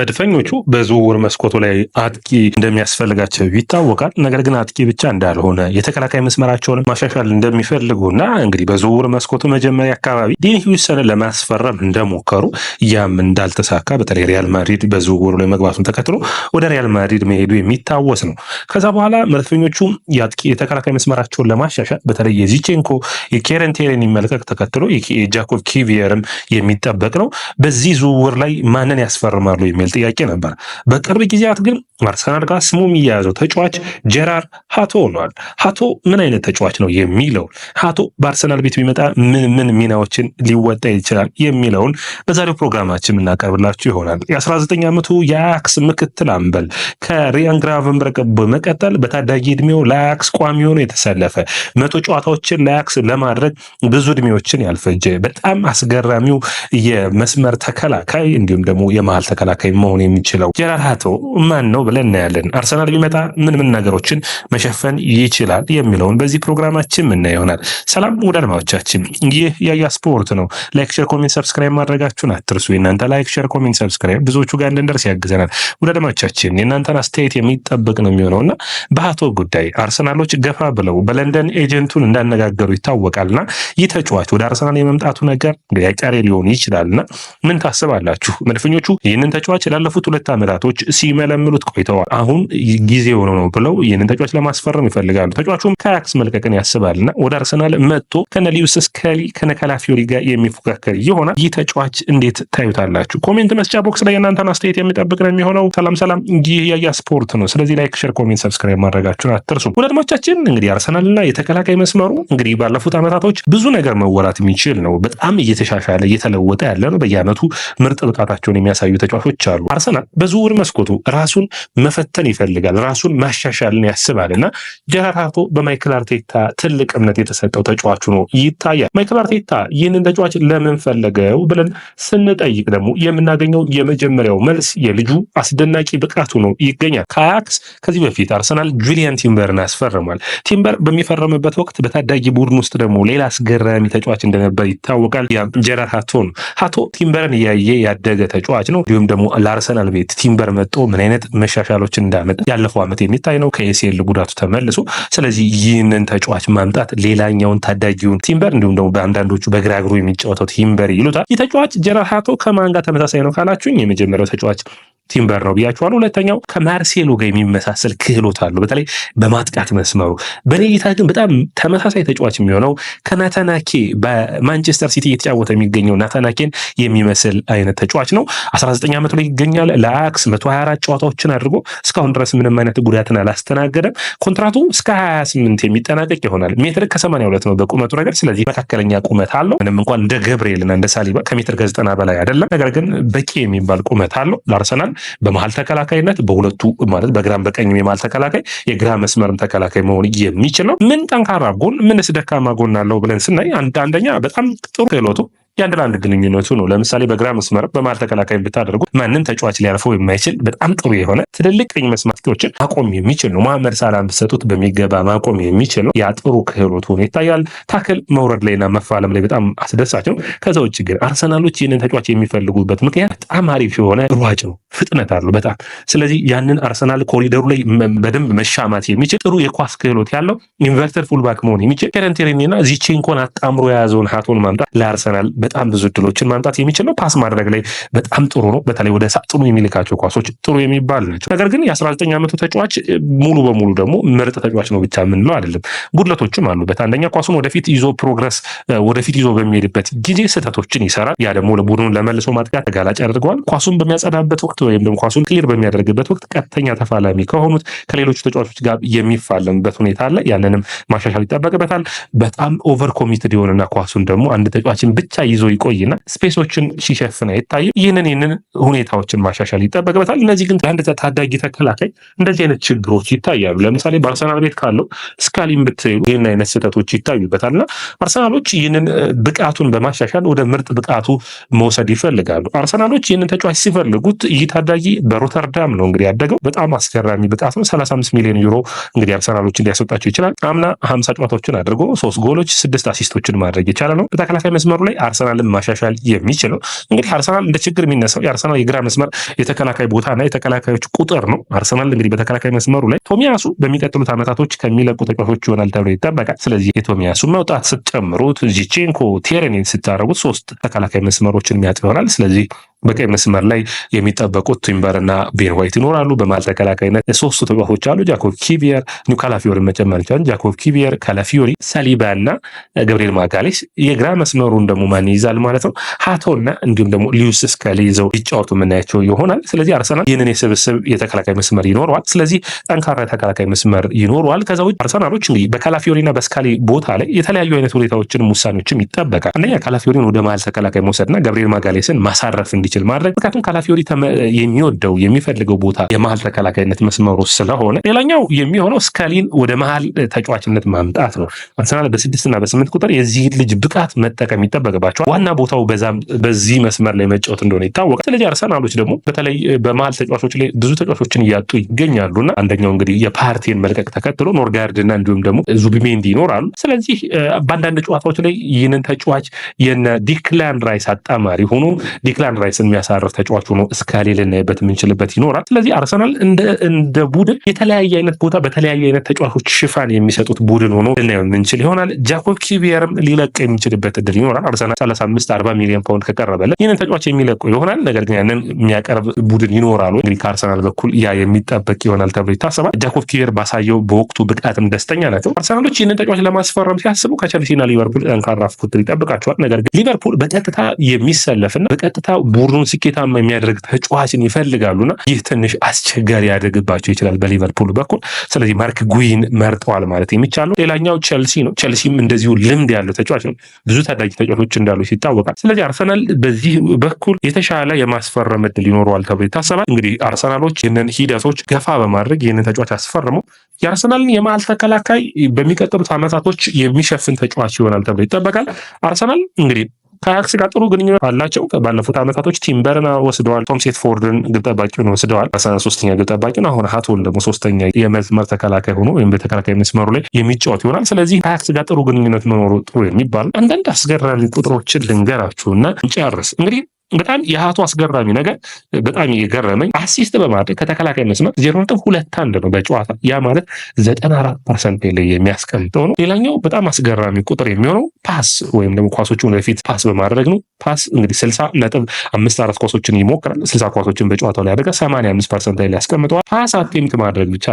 መድፈኞቹ በዝውውር መስኮቱ ላይ አጥቂ እንደሚያስፈልጋቸው ይታወቃል። ነገር ግን አጥቂ ብቻ እንዳልሆነ የተከላካይ መስመራቸውን ማሻሻል እንደሚፈልጉና እንግዲህ በዝውውር መስኮቱ መጀመሪያ አካባቢ ዲን ሂውሰንን ለማስፈረም እንደሞከሩ ያም እንዳልተሳካ በተለይ ሪያል ማድሪድ በዝውውሩ ላይ መግባቱን ተከትሎ ወደ ሪያል ማድሪድ መሄዱ የሚታወስ ነው። ከዛ በኋላ መድፈኞቹ የአጥቂ የተከላካይ መስመራቸውን ለማሻሻል በተለይ የዚቼንኮ የኬረንቴሬን ይመለከት ተከትሎ የጃኮብ ኪቪየርም የሚጠበቅ ነው። በዚህ ዝውውር ላይ ማንን ያስፈርማሉ? የሚል ጥያቄ ነበር። በቅርብ ጊዜያት ግን አርሰናል ጋር ስሙ የሚያያዘው ተጫዋች ጀራር ሀቶ ሆኗል። ሀቶ ምን አይነት ተጫዋች ነው የሚለው ሀቶ በአርሰናል ቤት ቢመጣ ምን ምን ሚናዎችን ሊወጣ ይችላል የሚለውን በዛሬው ፕሮግራማችን የምናቀርብላችሁ ይሆናል። የ19 ዓመቱ የአያክስ ምክትል አምበል ከሪያን ግራቨንበርግ በመቀጠል በታዳጊ እድሜው ለአያክስ ቋሚ ሆኖ የተሰለፈ መቶ ጨዋታዎችን ለአያክስ ለማድረግ ብዙ እድሜዎችን ያልፈጀ በጣም አስገራሚው የመስመር ተከላካይ እንዲሁም ደግሞ የመሀል ተከላካይ ላይ መሆን የሚችለው ጀራር ሃቶ ማን ነው ብለን እናያለን። አርሰናል ቢመጣ ምን ምን ነገሮችን መሸፈን ይችላል የሚለውን በዚህ ፕሮግራማችን ምና ይሆናል። ሰላም ውድ አድማጮቻችን፣ ይህ ያያ ስፖርት ነው። ላይክ፣ ሸር፣ ኮሜንት ሰብስክራይብ ማድረጋችሁን አትርሱ። የእናንተ ላይክ፣ ሸር፣ ኮሜንት ሰብስክራይብ ብዙዎቹ ጋር እንድንደርስ ያግዘናል። ውድ አድማጮቻችን፣ የእናንተን አስተያየት የሚጠብቅ ነው የሚሆነው እና በሃቶ ጉዳይ አርሰናሎች ገፋ ብለው በለንደን ኤጀንቱን እንዳነጋገሩ ይታወቃል ይታወቃልና ይህ ተጫዋች ወደ አርሰናል የመምጣቱ ነገር ያቀሬ ሊሆን ይችላል ይችላልና ምን ታስባላችሁ? መድፈኞቹ ይህንን ተጫዋች ተጫዋች ላለፉት ሁለት ዓመታቶች ሲመለምሉት ቆይተዋል። አሁን ጊዜ የሆነ ነው ብለው ይህንን ተጫዋች ለማስፈረም ይፈልጋሉ። ተጫዋቹም ከአያክስ መልቀቅን ያስባልና ወደ አርሰናል መጥቶ ከነ ሊዩስ ስኬሊ ከነ ካላፊዮሪ ጋር የሚፎካከር ይሆናል። ይህ ተጫዋች እንዴት ታዩታላችሁ? ኮሜንት መስጫ ቦክስ ላይ የእናንተን አስተያየት የሚጠብቅ ነው የሚሆነው። ሰላም ሰላም። ይህ ያያ ስፖርት ነው። ስለዚህ ላይክ፣ ሸር፣ ኮሜንት ሰብስክራይብ ማድረጋችሁን አትርሱ። ወዳድማቻችን እንግዲህ አርሰናልና የተከላካይ መስመሩ እንግዲህ ባለፉት ዓመታቶች ብዙ ነገር መወራት የሚችል ነው። በጣም እየተሻሻለ እየተለወጠ ያለ ነው። በየዓመቱ ምርጥ ብቃታቸውን የሚያሳዩ ተጫዋቾች አሉ። አርሰናል በዝውውር መስኮቱ ራሱን መፈተን ይፈልጋል፣ ራሱን ማሻሻልን ያስባል እና ጀራርድ በማይክል አርቴታ ትልቅ እምነት የተሰጠው ተጫዋቹ ነው ይታያል። ማይክል አርቴታ ይህንን ተጫዋች ለምን ፈለገው ብለን ስንጠይቅ ደግሞ የምናገኘው የመጀመሪያው መልስ የልጁ አስደናቂ ብቃቱ ነው ይገኛል። ከአያክስ ከዚህ በፊት አርሰናል ጁሊያን ቲምበርን አስፈርሟል። ቲምበር በሚፈረምበት ወቅት በታዳጊ ቡድን ውስጥ ደግሞ ሌላ አስገራሚ ተጫዋች እንደነበር ይታወቃል። ያም ነው። ሀቶ ቲምበርን እያየ ያደገ ተጫዋች ነው። እንዲሁም ደግሞ ለአርሰናል ቤት ቲምበር መጦ ምን አይነት መሻሻሎችን እንዳመጣ ያለፈው ዓመት የሚታይ ነው። ከኤሲኤል ጉዳቱ ተመልሶ ስለዚህ ይህንን ተጫዋች ማምጣት ሌላኛውን ታዳጊውን ቲምበር እንዲሁም ደግሞ በአንዳንዶቹ በግራ እግሩ የሚጫወተው ቲምበር ይሉታል። ይህ ተጫዋች ጀነራል ሃቶ ከማን ጋር ተመሳሳይ ነው ካላችሁኝ የመጀመሪያው ተጫዋች ቲምበር ነው ብያችኋለሁ። ሁለተኛው ከማርሴሎ ጋር የሚመሳሰል ክህሎት አለው፣ በተለይ በማጥቃት መስመሩ። በኔ እይታ ግን በጣም ተመሳሳይ ተጫዋች የሚሆነው ከናታናኬ በማንቸስተር ሲቲ እየተጫወተ የሚገኘው ናታናኬን የሚመስል አይነት ተጫዋች ነው። 19 ዓመቱ ላይ ይገኛል። ለአክስ 124 ጨዋታዎችን አድርጎ እስካሁን ድረስ ምንም አይነት ጉዳትን አላስተናገደም። ኮንትራቱ እስከ 28 የሚጠናቀቅ ይሆናል። ሜትር ከ82 ነው በቁመቱ ረገድ። ስለዚህ መካከለኛ ቁመት አለው። ምንም እንኳን እንደ ገብርኤልና እንደ ሳሊባ ከሜትር ከ90 በላይ አይደለም፣ ነገር ግን በቂ የሚባል ቁመት አለው ለአርሰናል በመሀል ተከላካይነት በሁለቱ ማለት በግራም በቀኝም የመሀል ተከላካይ የግራ መስመርም ተከላካይ መሆን የሚችል ነው። ምን ጠንካራ ጎን ምንስ ደካማ ጎን አለው ብለን ስናይ አንደኛ በጣም ጥሩ ክህሎቱ የአንድ ለአንድ ግንኙነቱ ነው። ለምሳሌ በግራ መስመር በመሃል ተከላካይ ብታደርጉ ማንም ተጫዋች ሊያልፈው የማይችል በጣም ጥሩ የሆነ ትልልቅ ቀኝ መስመሮችን ማቆም የሚችል ነው። መሐመድ ሳላህን ብሰጡት በሚገባ ማቆም የሚችል ነው። ያ ጥሩ ክህሎት ሆኖ ይታያል። ታክል መውረድ ላይና መፋለም ላይ በጣም አስደሳች ነው። ከዛ ውጭ ግን አርሰናሎች ይህንን ተጫዋች የሚፈልጉበት ምክንያት በጣም አሪፍ የሆነ ሯጭ ነው፣ ፍጥነት አለው በጣም ስለዚህ ያንን አርሰናል ኮሪደሩ ላይ በደንብ መሻማት የሚችል ጥሩ የኳስ ክህሎት ያለው ኢንቨርተር ፉልባክ መሆን የሚችል ኬረንቴሬኒና ዚቼንኮን አጣምሮ የያዘውን ሀቶን ማምጣት ለአርሰናል በጣም ብዙ እድሎችን ማምጣት የሚችል ነው። ፓስ ማድረግ ላይ በጣም ጥሩ ነው። በተለይ ወደ ሳጥኑ የሚልካቸው ኳሶች ጥሩ የሚባል ናቸው። ነገር ግን የ19 ዓመቱ ተጫዋች ሙሉ በሙሉ ደግሞ ምርጥ ተጫዋች ነው ብቻ የምንለው አይደለም። ጉድለቶችም አሉበት። አንደኛ ኳሱን ወደፊት ይዞ ፕሮግረስ ወደፊት ይዞ በሚሄድበት ጊዜ ስህተቶችን ይሰራል። ያ ደግሞ ቡድኑን ለመልሶ ማጥቃት ተጋላጭ ያደርገዋል። ኳሱን በሚያጸዳበት ወቅት ወይም ደግሞ ኳሱን ክሊር በሚያደርግበት ወቅት ቀጥተኛ ተፋላሚ ከሆኑት ከሌሎቹ ተጫዋቾች ጋር የሚፋለምበት ሁኔታ አለ። ያንንም ማሻሻል ይጠበቅበታል። በጣም ኦቨር ኮሚትድ የሆነና ኳሱን ደግሞ አንድ ተጫዋችን ብቻ ይዞ ይቆይና ስፔሶችን ሲሸፍን አይታይም። ይህንን ይህንን ሁኔታዎችን ማሻሻል ይጠበቅበታል። እነዚህ ግን ለአንድ ታዳጊ ተከላካይ እንደዚህ አይነት ችግሮች ይታያሉ። ለምሳሌ በአርሰናል ቤት ካለው ስካሊን ብትሉ ይህን አይነት ስህተቶች ይታዩበታል እና አርሰናሎች ይህንን ብቃቱን በማሻሻል ወደ ምርጥ ብቃቱ መውሰድ ይፈልጋሉ። አርሰናሎች ይህንን ተጫዋች ሲፈልጉት ይህ ታዳጊ በሮተርዳም ነው እንግዲህ ያደገው። በጣም አስገራሚ ብቃት ነው። 35 ሚሊዮን ዩሮ እንግዲህ አርሰናሎችን ሊያስወጣቸው ይችላል። አምና 50 ጨዋታዎችን አድርጎ ሶስት ጎሎች ስድስት አሲስቶችን ማድረግ የቻለ ነው። በተከላካይ መስመሩ ላይ አርሰ አርሰናልን ማሻሻል የሚችለው እንግዲህ አርሰናል እንደ ችግር የሚነሳው የአርሰናል የግራ መስመር የተከላካይ ቦታና የተከላካዮች ቁጥር ነው። አርሰናል እንግዲህ በተከላካይ መስመሩ ላይ ቶሚያሱ በሚቀጥሉት ዓመታቶች ከሚለቁ ተጫዋቾች ይሆናል ተብሎ ይጠበቃል። ስለዚህ የቶሚያሱ መውጣት ስትጨምሩት ዚቼንኮ፣ ቴሬኒን ስታደረጉት ሶስት ተከላካይ መስመሮችን የሚያጥ ይሆናል። ስለዚህ በቀይ መስመር ላይ የሚጠበቁት ቲምበር እና ቤን ዋይት ይኖራሉ። በመሃል ተከላካይነት ሶስቱ ተጫዋቾች አሉ። ጃኮብ ኪቪየር ኒ ካላፊዮሪ መጨመር እንችላለን። ጃኮብ ኪቪየር፣ ካላፊዮሪ፣ ሰሊባ እና ገብርኤል ማጋሌስ። የግራ መስመሩን ደግሞ ማን ይይዛል ማለት ነው? ሀቶ እና እንዲሁም ደግሞ ሊዩስ ስኬሊ ይዘው ይጫወቱ የምናያቸው ይሆናል። ስለዚህ አርሰናል ይህንን የስብስብ የተከላካይ መስመር ይኖረዋል። ስለዚህ ጠንካራ የተከላካይ መስመር ይኖረዋል። ከዛ ውጭ አርሰናሎች እንግዲህ በካላፊዮሪ እና በስካሊ ቦታ ላይ የተለያዩ አይነት ሁኔታዎችንም ውሳኔዎችም ይጠበቃል። አንደኛ ካላፊዮሪን ወደ መሃል ተከላካይ መውሰድና ገብርኤል ማጋሌስን ማሳረፍ እንዲ እንዲችል ማድረግ ምክንያቱም ካላፊዮሪ የሚወደው የሚፈልገው ቦታ የመሀል ተከላካይነት መስመሩ ስለሆነ ሌላኛው የሚሆነው ስካሊን ወደ መሀል ተጫዋችነት ማምጣት ነው። አርሰናል በስድስትና በስምንት ቁጥር የዚህ ልጅ ብቃት መጠቀም ይጠበቅባቸዋል። ዋና ቦታው በዚህ መስመር ላይ መጫወት እንደሆነ ይታወቃል። ስለዚህ አርሰናሎች ደግሞ በተለይ በመሀል ተጫዋቾች ላይ ብዙ ተጫዋቾችን እያጡ ይገኛሉና አንደኛው እንግዲህ የፓርቲን መልቀቅ ተከትሎ ኖርጋርድና እንዲሁም ደግሞ ዙቢሜንዲ ይኖራሉ። ስለዚህ በአንዳንድ ጨዋታዎች ላይ ይህንን ተጫዋች የነ ዲክላን ራይስ አጣማሪ ሆኖ ዲክላን ራይስ ኳስን የሚያሳርፍ ተጫዋች ሆኖ እስካሌ ልናይበት የምንችልበት ይኖራል። ስለዚህ አርሰናል እንደ ቡድን የተለያየ አይነት ቦታ በተለያዩ አይነት ተጫዋቾች ሽፋን የሚሰጡት ቡድን ሆኖ ልናየው የምንችል ይሆናል። ጃኮብ ኪቪየርም ሊለቅ የሚችልበት እድል ይኖራል። አርሰናል 35 40 ሚሊዮን ፓውንድ ከቀረበለት ይህንን ተጫዋች የሚለቁ ይሆናል። ነገር ግን ያንን የሚያቀርብ ቡድን ይኖራሉ እንግዲህ ከአርሰናል በኩል ያ የሚጠበቅ ይሆናል ተብሎ ይታሰባል። ጃኮብ ኪቪየር ባሳየው በወቅቱ ብቃትም ደስተኛ ናቸው። አርሰናሎች ይህንን ተጫዋች ለማስፈረም ሲያስቡ ከቸልሲና ሊቨርፑል ጠንካራ ፉክክር ይጠብቃቸዋል። ነገር ግን ሊቨርፑል በቀጥታ የሚሰለፍና በቀጥታ ቡር ቡድኑን ስኬታማ የሚያደርግ ተጫዋችን ይፈልጋሉና ይህ ትንሽ አስቸጋሪ ያደርግባቸው ይችላል በሊቨርፑል በኩል። ስለዚህ ማርክ ጉይን መርጠዋል ማለት የሚቻለው። ሌላኛው ቸልሲ ነው። ቸልሲም እንደዚሁ ልምድ ያለው ተጫዋች ነው። ብዙ ታዳጊ ተጫዋቾች እንዳሉ ይታወቃል። ስለዚህ አርሰናል በዚህ በኩል የተሻለ የማስፈረም እድል ይኖረዋል ተብሎ ይታሰባል። እንግዲህ አርሰናሎች ይህንን ሂደቶች ገፋ በማድረግ ይህንን ተጫዋች አስፈርመው የአርሰናልን የመሀል ተከላካይ በሚቀጥሉት ዓመታቶች የሚሸፍን ተጫዋች ይሆናል ተብሎ ይጠበቃል። አርሰናል እንግዲህ ከአያክስ ጋር ጥሩ ግንኙነት አላቸው። ባለፉት ዓመታቶች ቲምበርን ወስደዋል። ቶም ሴትፎርድን ግብ ጠባቂውን ወስደዋል። ሶስተኛ ግብ ነው። አሁን ሀቶል ደግሞ ሶስተኛ የመስመር ተከላካይ ሆኖ ወይም በተከላካይ መስመሩ ላይ የሚጫወት ይሆናል። ስለዚህ ከአያክስ ጋር ጥሩ ግንኙነት መኖሩ ጥሩ የሚባል አንዳንድ አስገራሚ ቁጥሮችን ልንገራችሁ እና ጨርስ እንግዲህ በጣም የሀቱ አስገራሚ ነገር በጣም የገረመኝ አሲስት በማድረግ ከተከላካይ መስመር ዜሮ ነጥብ ሁለት አንድ ነው በጨዋታ ያ ማለት ዘጠና አራት ፐርሰንት ላይ የሚያስቀምጠው ነው። ሌላኛው በጣም አስገራሚ ቁጥር የሚሆነው ፓስ ወይም ደግሞ ኳሶችን ወደፊት ፓስ በማድረግ ነው። ፓስ እንግዲህ ስልሳ ነጥብ አምስት አራት ኳሶችን ይሞክራል። ስልሳ ኳሶችን በጨዋታው ላይ ያደርጋል። ሰማንያ አምስት ፐርሰንት ላይ ያስቀምጠዋል። ፓስ አቴምት ማድረግ ብቻ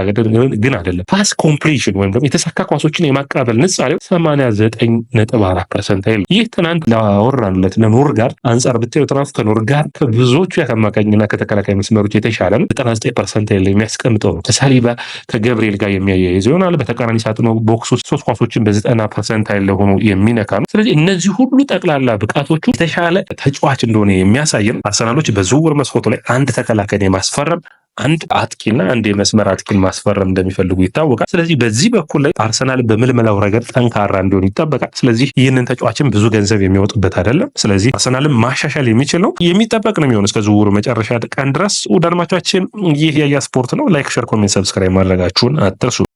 ግን አይደለም። ፓስ ኮምፕሊሽን ወይም ደግሞ የተሳካ ኳሶችን የማቀበል ንጻሬው ሰማንያ ዘጠኝ ነጥብ አራት ፐርሰንት ላይ ይህ ትናንት ላወራንለት ለኖር ጋር አንጻር ብትሄዱ መጽሐፍ ከኖር ጋር ከብዙዎቹ የአማካኝና ከተከላካይ መስመሮች የተሻለ ነው። 99 ፐርሰንት ላይ የሚያስቀምጠው ነው። ከሳሊባ ከገብርኤል ጋር የሚያያይዝ ይሆናል። በተቃራኒ ሳጥኑ ቦክስ ውስጥ ሶስት ኳሶችን በዘጠና ፐርሰንት ላይ ሆኖ የሚነካ ነው። ስለዚህ እነዚህ ሁሉ ጠቅላላ ብቃቶቹ የተሻለ ተጫዋች እንደሆነ የሚያሳይ አርሰናሎች በዝውውር መስኮቱ ላይ አንድ ተከላካይ የማስፈረም አንድ አጥቂና አንድ የመስመር አጥቂን ማስፈረም እንደሚፈልጉ ይታወቃል። ስለዚህ በዚህ በኩል ላይ አርሰናል በምልመላው ረገድ ጠንካራ እንዲሆን ይጠበቃል። ስለዚህ ይህንን ተጫዋችን ብዙ ገንዘብ የሚወጡበት አይደለም። ስለዚህ አርሰናልን ማሻሻል የሚችል ነው የሚጠበቅ ነው የሚሆን እስከ ዝውውሩ መጨረሻ ቀን ድረስ። ውድ አድማጮቻችን ይህ ያያ ስፖርት ነው። ላይክ፣ ሸር፣ ኮሜንት፣ ሰብስክራይብ ማድረጋችሁን አትርሱ።